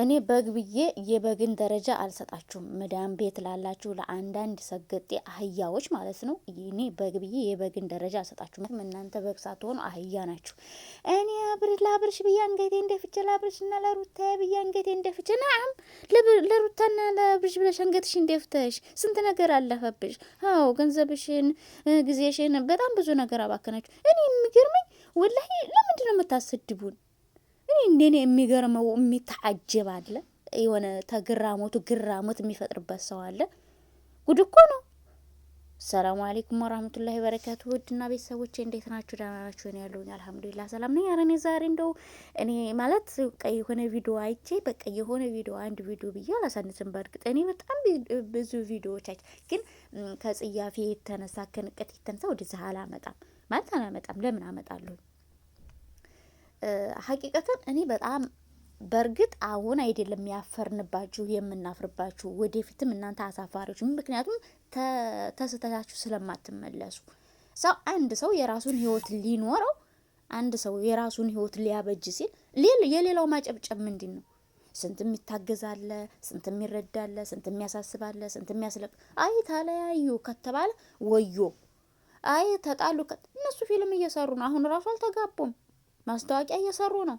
እኔ በግ ብዬ የበግን ደረጃ አልሰጣችሁም። መዳም ቤት ላላችሁ ለአንዳንድ ሰገጤ አህያዎች ማለት ነው። እኔ በግ ብዬ የበግን ደረጃ አልሰጣችሁም። እናንተ በግ ሳትሆኑ አህያ ናችሁ። እኔ አብር ለአብርሽ ብዬ አንገቴ እንደፍቼ ለአብርሽ እና ለሩታ ብዬ አንገቴ እንደፍቼ ናም ለሩታና ለአብርሽ ብለሽ አንገትሽ እንደፍተሽ ስንት ነገር አለፈብሽ። አዎ ገንዘብሽን፣ ጊዜሽን በጣም ብዙ ነገር አባከናችሁ። እኔ የሚገርመኝ ወላሂ ለምንድነው ነው የምታሰድቡን? ግን እንዴኔ የሚገርመው የሚታጀብ አለ፣ የሆነ ተግራሞቱ ግራሞት የሚፈጥርበት ሰው አለ። ጉድ እኮ ነው። ሰላሙ አሌይኩም ወራህመቱላሂ ወበረካቱ። ውድና ቤተሰቦቼ እንዴት ናችሁ? ደህና ናችሁ? እኔ ያለሁኝ አልሐምዱሊላ ሰላም ነኝ። ኧረ እኔ ዛሬ እንደው እኔ ማለት የሆነ ቪዲዮ አይቼ በቃ የሆነ ቪዲዮ አንድ ቪዲዮ ብዬ አላሳንስም። በእርግጥ እኔ በጣም ብዙ ቪዲዮዎች አይቼ ግን ከጽያፌ የተነሳ ከንቀት የተነሳ ወደዚህ አላመጣም ማለት አላመጣም። ለምን አመጣለሁ ሀቂቀትን እኔ በጣም በእርግጥ አሁን አይደለም ያፈርንባችሁ የምናፍርባችሁ፣ ወደፊትም እናንተ አሳፋሪዎች፣ ምክንያቱም ተስተታችሁ ስለማትመለሱ ሰው አንድ ሰው የራሱን ህይወት ሊኖረው አንድ ሰው የራሱን ህይወት ሊያበጅ ሲል የሌላው ማጨብጨብ ምንድን ነው? ስንትም ይታገዛለ፣ ስንትም ይረዳለ፣ ስንትም ያሳስባለ፣ ስንትም ያስለቅ። አይ ተለያዩ ከተባለ ወዮ፣ አይ ተጣሉ። እነሱ ፊልም እየሰሩ ነው። አሁን ራሱ አልተጋቡም። ማስታወቂያ እየሰሩ ነው።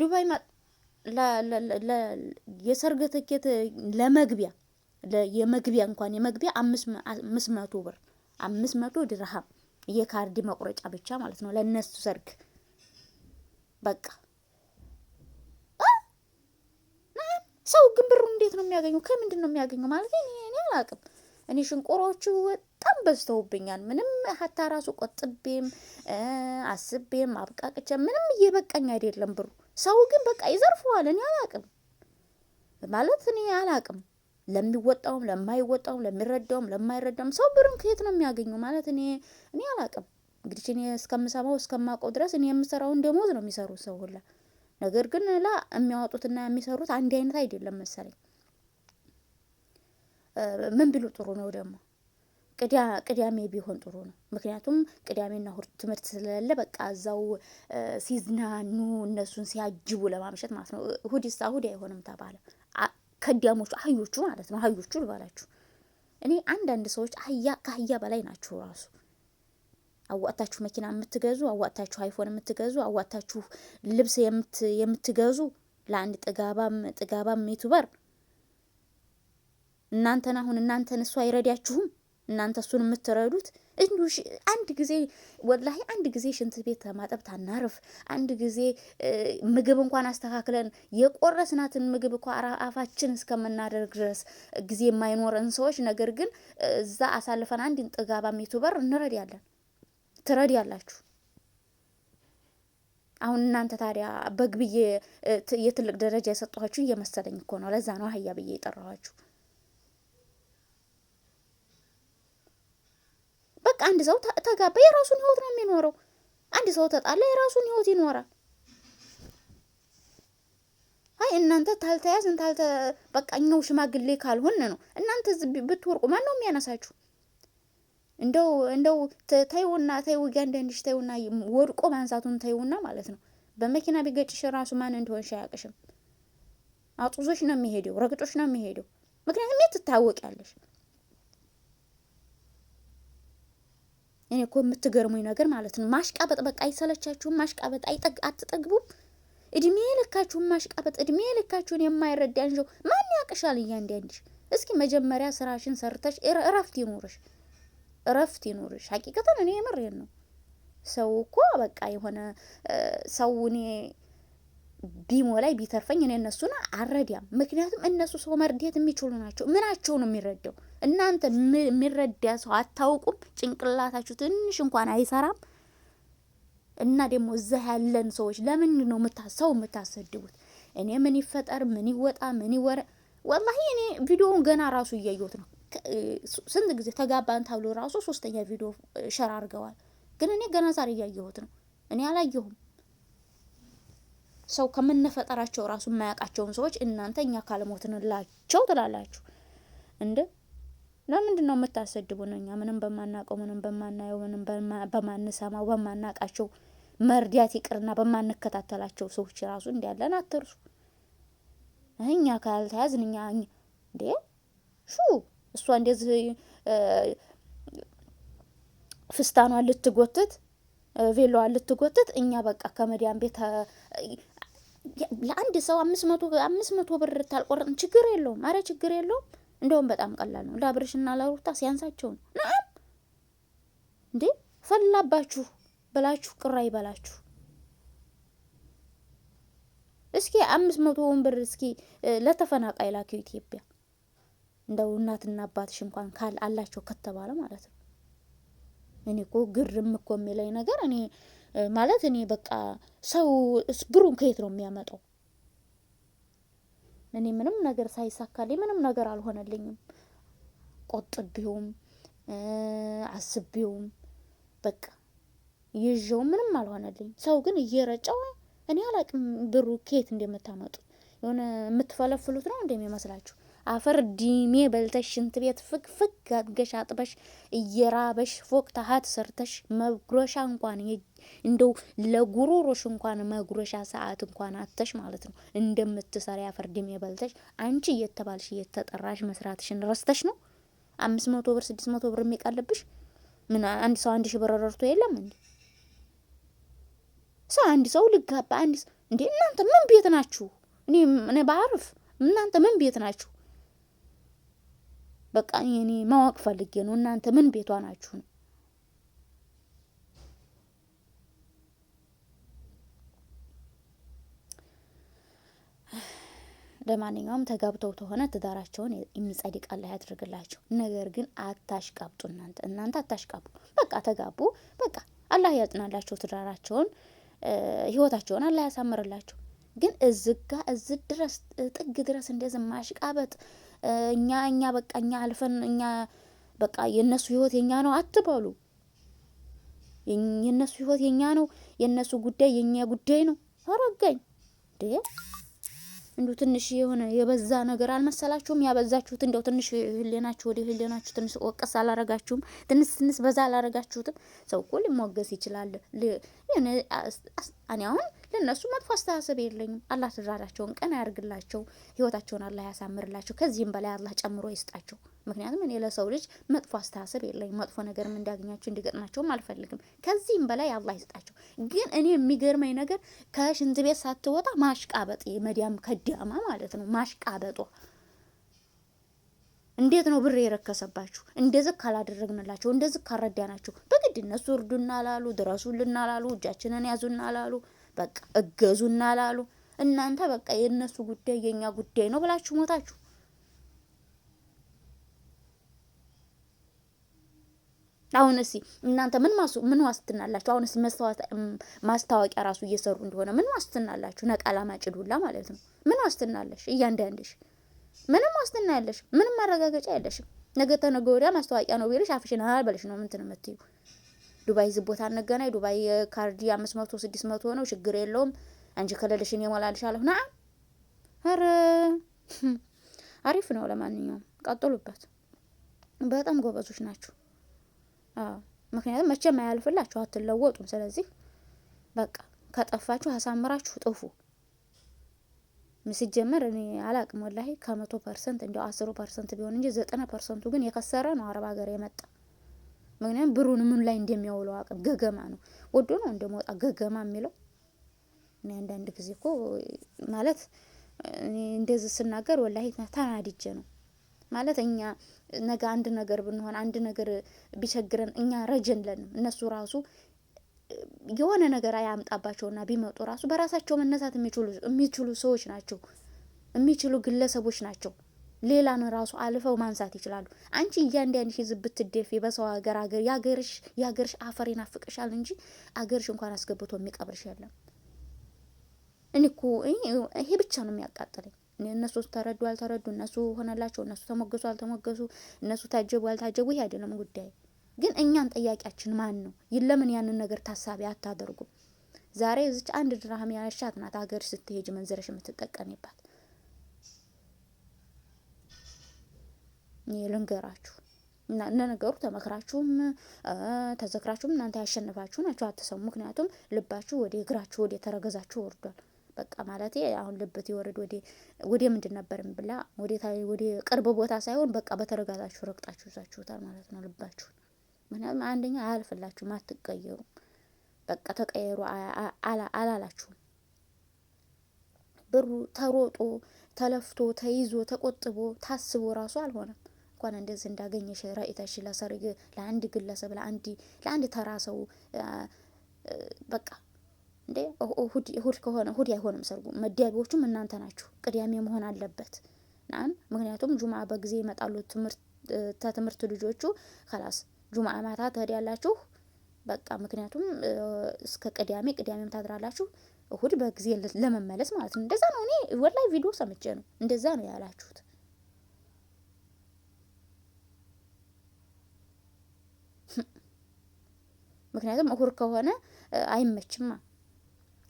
ዱባይ የሰርግ ትኬት ለመግቢያ የመግቢያ እንኳን የመግቢያ አምስት መቶ ብር አምስት መቶ ድርሃም የካርድ መቁረጫ ብቻ ማለት ነው ለእነሱ ሰርግ በቃ ሰው ግን ብሩ እንዴት ነው የሚያገኘው? ከምንድን ነው የሚያገኘው ማለት እኔ አላቅም። እኔ ሽንቆሮቹ በጣም በዝተውብኛል። ምንም ሀታ ራሱ ቆጥቤም አስቤም አብቃቅቼ ምንም እየበቃኝ አይደለም ብሩ። ሰው ግን በቃ ይዘርፈዋል። እኔ አላቅም ማለት እኔ አላቅም ለሚወጣውም ለማይወጣውም ለሚረዳውም ለማይረዳውም ሰው ብርም ከየት ነው የሚያገኘው? ማለት እኔ እኔ አላቅም። እንግዲህ እኔ እስከምሰማው እስከማውቀው ድረስ እኔ የምሰራውን ደሞዝ ነው የሚሰሩት ሰው ሁላ። ነገር ግን ላ የሚያወጡትና የሚሰሩት አንድ አይነት አይደለም መሰለኝ። ምን ቢሉ ጥሩ ነው ደግሞ ቅዳሜ ቢሆን ጥሩ ነው። ምክንያቱም ቅዳሜና እሁድ ትምህርት ስለሌለ በቃ እዛው ሲዝናኑ እነሱን ሲያጅቡ ለማምሸት ማለት ነው። እሁድ ሳ እሁድ አይሆንም ተባለ። ከዲያሞቹ አህዮቹ ማለት ነው። አህዮቹ ልባላችሁ እኔ አንዳንድ ሰዎች አህያ ከአህያ በላይ ናቸው ራሱ አዋጣችሁ መኪና የምትገዙ፣ አዋጣችሁ አይፎን የምትገዙ፣ አዋጣችሁ ልብስ የምትገዙ ለአንድ ጥጋባም ጥጋባም ዩቱበር እናንተን አሁን እናንተን እሱ አይረዳችሁም። እናንተ እሱን የምትረዱት እንዲሁ አንድ ጊዜ ወላሂ አንድ ጊዜ ሽንት ቤት ከማጠብ ታናርፍ፣ አንድ ጊዜ ምግብ እንኳን አስተካክለን የቆረስናትን ምግብ እኮ አፋችን እስከምናደርግ ድረስ ጊዜ የማይኖረን ሰዎች፣ ነገር ግን እዛ አሳልፈን አንድን ጥጋባ ዩቱበር እንረዳለን። ያላችሁ አሁን እናንተ ታዲያ በግብዬ የትልቅ ደረጃ የሰጠኋችሁ እየመሰለኝ እኮ ነው። ለዛ ነው አህያ ብዬ የጠራኋችሁ። በቃ አንድ ሰው ተጋባ የራሱን ህይወት ነው የሚኖረው። አንድ ሰው ተጣላ የራሱን ህይወት ይኖራል። አይ እናንተ ታልተያዝን ታልተ በቃ እኛው ሽማግሌ ካልሆን ነው። እናንተ ብትወርቁ ማን ነው የሚያነሳችሁ? እንደው እንደው ተይውና ተይው እያንዳንድሽ ተይውና ወድቆ ማንሳቱን ተይውና ማለት ነው። በመኪና ቢገጭሽ ራሱ ማን እንደሆንሽ አያውቅሽም። አጡዞሽ ነው የሚሄደው፣ ረግጦሽ ነው የሚሄደው። ምክንያቱም የት ትታወቂያለሽ? እኔ እኮ የምትገርሙኝ ነገር ማለት ነው ማሽቃበጥ በቃ አይሰለቻችሁም? ማሽቃበጥ አትጠግቡም? እድሜ ልካችሁን ማሽቃበጥ፣ እድሜ ልካችሁን የማይረዳ እንሸው ማን ያቅሻል? እያንዳንድሽ እስኪ መጀመሪያ ስራሽን ሰርተሽ እረፍት ይኑርሽ፣ እረፍት ይኑርሽ። ሀቂቀተን እኔ የምሬን ነው። ሰው እኮ በቃ የሆነ ሰው እኔ ቢሞ ላይ ቢተርፈኝ እኔ እነሱን አረዳም ምክንያቱም እነሱ ሰው መርዳት የሚችሉ ናቸው። ምናቸው ነው የሚረዳው? እናንተ የሚረዳ ሰው አታውቁም። ጭንቅላታችሁ ትንሽ እንኳን አይሰራም። እና ደግሞ እዛ ያለን ሰዎች ለምንድን ነው ሰው የምታሰድቡት? እኔ ምን ይፈጠር ምን ይወጣ ምን ይወረ ወላሂ እኔ ቪዲዮውን ገና ራሱ እያየሁት ነው። ስንት ጊዜ ተጋባን ተብሎ ራሱ ሶስተኛ ቪዲዮ ሸር አድርገዋል። ግን እኔ ገና ዛሬ እያየሁት ነው። እኔ አላየሁም። ሰው ከመነፈጠራቸው ራሱ የማያውቃቸውን ሰዎች እናንተ እኛ ካልሞትንላቸው ትላላችሁ እንደ ለምንድን ነው የምታሰድቡን? እኛ ምንም በማናውቀው ምንም በማናየው ምንም በማንሰማው በማናውቃቸው መርዳት ይቅርና በማንከታተላቸው ሰዎች ራሱ እንዲያለን አትርሱ። እኛ ካልተያዝን እኛ እንዴ ሹ እሷ እንደዚህ ፍስታኗን ልትጎትት ቬሎዋን ልትጎትት እኛ በቃ ከመዲያን ቤት ለአንድ ሰው አምስት መቶ አምስት መቶ ብር ታልቆረጥን ችግር የለውም። አረ ችግር የለውም። እንደውም በጣም ቀላል ነው። ለአብርሽና ለሩታ ሲያንሳቸው ነው። ናም እንዴ ፈላባችሁ ብላችሁ ቅራ ይበላችሁ። እስኪ አምስት መቶ ብር እስኪ ለተፈናቃይ ላኪው ኢትዮጵያ እንደው እናትና አባትሽ እንኳን ካል አላቸው ከተባለ ማለት ነው። እኔ እኮ ግርም እኮ የሚለኝ ነገር እኔ ማለት እኔ በቃ ሰው ብሩን ከየት ነው የሚያመጣው? እኔ ምንም ነገር ሳይሳካልኝ ምንም ነገር አልሆነልኝም። ቆጥቤውም አስቤውም በቃ ይዤው ምንም አልሆነልኝ። ሰው ግን እየረጨው እኔ አላቅም ብሩ ከየት እንደምታመጡ የሆነ የምትፈለፍሉት ነው እንደሚመስላችሁ አፈር ዲሜ በልተሽ ሽንት ቤት ፍግ ፍግ አድገሽ አጥበሽ እየራበሽ ፎቅ ታሀት ሰርተሽ መጉረሻ እንኳን እንደው ለጉሮሮሽ እንኳን መጉረሻ ሰዓት እንኳን አተሽ ማለት ነው እንደምትሰሪ አፈር ዲሜ በልተሽ አንቺ እየተባልሽ እየተጠራሽ መስራትሽን ረስተሽ ነው። አምስት መቶ ብር ስድስት መቶ ብር የሚቀልብሽ ምን አንድ ሰው አንድ ሺ ብር ረርቶ የለም እንዴ? ሰው አንድ ሰው ልጋባ አንድ ሰው እንዴ? እናንተ ምን ቤት ናችሁ? እኔ እኔ ባርፍ እናንተ ምን ቤት ናችሁ? በቃ እኔ ማወቅ ፈልጌ ነው። እናንተ ምን ቤቷ ናችሁ ነው? ለማንኛውም ተጋብተው ተሆነ ትዳራቸውን የሚጸድቅ አላህ ያድርግላቸው። ነገር ግን አታሽቃብጡ። እናንተ እናንተ አታሽቃብጡ። በቃ ተጋቡ። በቃ አላህ ያጽናላቸው ትዳራቸውን፣ ህይወታቸውን አላህ ያሳምርላቸው። ግን እዝጋ እዝ ድረስ ጥግ ድረስ እንደዚህ ማሽቃበጥ እኛ እኛ በቃ እኛ አልፈን እኛ በቃ የእነሱ ህይወት የኛ ነው አትበሉ። የእነሱ ህይወት የኛ ነው፣ የእነሱ ጉዳይ የእኛ ጉዳይ ነው። አረጋኝ እንዴ! እንዱ ትንሽ የሆነ የበዛ ነገር አልመሰላችሁም? ያበዛችሁት እንደው ትንሽ ህሌናችሁ ወደ ህሌናችሁ ትንሽ ወቀስ አላረጋችሁም? ትንሽ ትንሽ በዛ አላረጋችሁትም? ሰው እኮ ሊሞገስ ይችላል። እኔ አሁን ለእነሱ መጥፎ አስተሳሰብ የለኝም። አላህ ትዳራቸውን ቀና ያርግላቸው፣ ህይወታቸውን አላህ ያሳምርላቸው፣ ከዚህም በላይ አላህ ጨምሮ ይስጣቸው። ምክንያቱም እኔ ለሰው ልጅ መጥፎ አስተሳሰብ የለኝ፣ መጥፎ ነገርም እንዲያገኛቸው እንዲገጥማቸውም አልፈልግም። ከዚህም በላይ አላህ ይስጣቸው። ግን እኔ የሚገርመኝ ነገር ከሽንት ቤት ሳትወጣ ማሽቃበጥ፣ መዲያም ከዲያማ ማለት ነው ማሽቃበጧ። እንዴት ነው ብር የረከሰባችሁ? እንደዚህ ካላደረግንላቸው፣ እንደዚህ ካልረዳናቸው፣ በግድ እነሱ እርዱና አላሉ፣ ድረሱልና አላሉ፣ እጃችንን ያዙና አላሉ፣ በቃ እገዙና አላሉ። እናንተ በቃ የእነሱ ጉዳይ የእኛ ጉዳይ ነው ብላችሁ ሞታችሁ አሁን እስኪ እናንተ ምን ማሱ ምን ዋስትናላችሁ? አላችሁ? አሁን እስኪ ማስታወቂያ ራሱ እየሰሩ እንደሆነ ምን ዋስትናላችሁ? አላችሁ? ነቃላ ማጭድ ማለት ነው። ምን ዋስትና አለሽ? እያንዳንድሽ ምንም ዋስትና ያለሽ ምንም ማረጋገጫ ያለሽም። ነገ ተነገ ወዲያ ማስታወቂያ ነው ቢልሽ አፍሽን አልበልሽ ነው ምንትን የምትዩ ዱባይ ዝ ቦታ እንገናኝ ዱባይ ካርዲ አምስት መቶ ስድስት መቶ ነው ችግር የለውም አንቺ ከሌለሽን የሞላልሻለሁ ና ኧረ አሪፍ ነው። ለማንኛውም ቀጥሉበት። በጣም ጎበዞች ናችሁ። ምክንያቱም መቼም አያልፍላችሁ፣ አትለወጡም። ስለዚህ በቃ ከጠፋችሁ አሳምራችሁ ጥፉ። ሲጀመር እኔ አላቅም ወላሂ ከመቶ ፐርሰንት እንዲያው አስሩ ፐርሰንት ቢሆን እንጂ ዘጠና ፐርሰንቱ ግን የከሰረ ነው አረብ ሀገር የመጣ ምክንያቱም ብሩን ምን ላይ እንደሚያውለው አቅም ገገማ ነው። ወዶ ነው እንደመወጣ ገገማ የሚለው እኔ አንዳንድ ጊዜ እኮ ማለት እንደዚህ ስናገር ወላሂ ተናድጄ ነው። ማለት እኛ ነገ አንድ ነገር ብንሆን አንድ ነገር ቢቸግረን እኛ ረጅ እንለንም። እነሱ ራሱ የሆነ ነገር አያምጣባቸውና ቢመጡ ራሱ በራሳቸው መነሳት የሚችሉ ሰዎች ናቸው፣ የሚችሉ ግለሰቦች ናቸው። ሌላን ራሱ አልፈው ማንሳት ይችላሉ። አንቺ እያንዳንድ ህዝብ ብትደፊ በሰው ሀገር ሀገር የሀገርሽ አፈር ይናፍቅሻል እንጂ አገርሽ እንኳን አስገብቶ የሚቀብርሽ የለም። እኔ እኮ ይሄ ብቻ ነው የሚያቃጥለኝ። እነሱ ተረዱ አልተረዱ፣ እነሱ ሆነላቸው፣ እነሱ ተሞገሱ አልተሞገሱ፣ እነሱ ታጀቡ አልታጀቡ፣ ይሄ አይደለም ጉዳይ። ግን እኛን ጠያቂያችን ማን ነው? ይለምን ያንን ነገር ታሳቢ አታደርጉም? ዛሬ እዚች አንድ ድራህም ያሻት ናት ሀገር ስትሄጅ መንዝረሽ የምትጠቀሚባት። ልንገራችሁ እና ነገሩ ተመክራችሁም ተዘክራችሁም እናንተ ያሸነፋችሁ ናችሁ አትሰሙ። ምክንያቱም ልባችሁ ወደ እግራችሁ ወደ ተረገዛችሁ ወርዷል። በቃ ማለት አሁን ልብት ይወርድ ወደ ምንድን ነበር ብላ ወደ ቅርብ ቦታ ሳይሆን በቃ በተረጋጋችሁ ረግጣችሁ ይዛችሁታል ማለት ነው ልባችሁን። ምክንያቱም አንደኛ አያልፍላችሁም፣ አትቀየሩም። በቃ ተቀየሩ አላላችሁም። ብሩ ተሮጦ ተለፍቶ ተይዞ ተቆጥቦ ታስቦ ራሱ አልሆነም። እንኳን እንደዚህ እንዳገኘሽ ራእይታሽ ለሰርግ ለአንድ ግለሰብ ለአንድ ለአንድ ተራ ሰው በቃ እንዴ እሁድ ከሆነ እሁድ አይሆንም ሰርጉ። መዲያቢዎቹም እናንተ ናችሁ። ቅዳሜ መሆን አለበት ናን ምክንያቱም ጁማ በጊዜ ይመጣሉ ተትምህርት ልጆቹ ከላስ ጁማ ማታ ትሄዳላችሁ። በቃ ምክንያቱም እስከ ቅዳሜ ቅዳሜም ታድራላችሁ። እሁድ በጊዜ ለመመለስ ማለት ነው። እንደዛ ነው። እኔ ወላይ ቪዲዮ ሰምቼ ነው እንደዛ ነው ያላችሁት። ምክንያቱም እሁድ ከሆነ አይመችማ።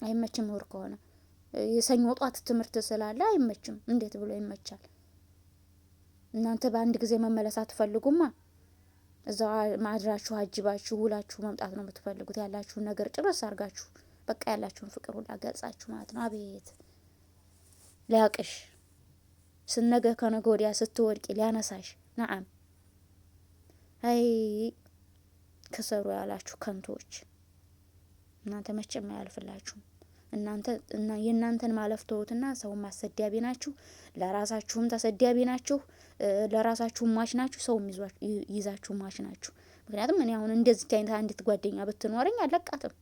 አይመችም። እሑድ ከሆነ የሰኞ ጧት ትምህርት ስላለ አይመችም። እንዴት ብሎ ይመቻል? እናንተ በአንድ ጊዜ መመለስ አትፈልጉማ። እዛ ማድራችሁ አጅባችሁ ውላችሁ መምጣት ነው የምትፈልጉት። ያላችሁን ነገር ጭረስ አርጋችሁ በቃ ያላችሁን ፍቅር ሁላ ገልጻችሁ ማለት ነው። አቤት ሊያቅሽ ስነገ ከነገ ወዲያ ስትወድቂ ሊያነሳሽ ነአም። አይ ከሰሩ ያላችሁ ከንቶች እናንተ መቼም አያልፍላችሁም። እናንተ የእናንተን ማለፍ ተውትና ሰው ማሰዳቢ ናችሁ፣ ለራሳችሁም ተሰዳቢ ናችሁ፣ ለራሳችሁም ማች ናችሁ፣ ሰውም ይዛችሁ ማች ናችሁ። ምክንያቱም እኔ አሁን እንደዚህ አይነት አንዲት ጓደኛ ብትኖረኝ አለቃትም።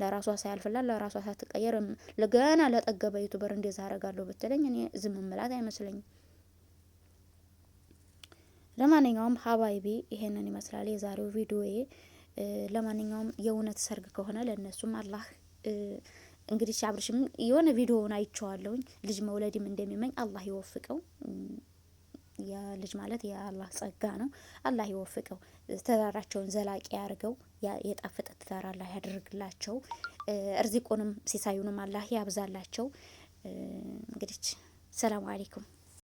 ለራሷ ሳያልፍላት ለራሷ ሳትቀየር ገና ለጠገበ ዩቱበር እንደዛ አረጋለሁ ብትለኝ እኔ ዝም ምላት አይመስለኝም። ለማንኛውም ሀባይቤ ይሄንን ይመስላል የዛሬው ቪዲዮዬ። ለማንኛውም የእውነት ሰርግ ከሆነ ለእነሱም አላህ እንግዲህ አብርሽም የሆነ ቪዲዮውን አይቼዋለሁኝ። ልጅ መውለድም እንደሚመኝ አላህ ይወፍቀው። የልጅ ማለት የአላህ ጸጋ ነው። አላህ ይወፍቀው፣ ትዳራቸውን ዘላቂ ያርገው፣ የጣፈጠ ትዳር አላህ ያደርግላቸው፣ እርዚቁንም ሲሳዩንም አላህ ያብዛላቸው። እንግዲህ ሰላም አሌይኩም።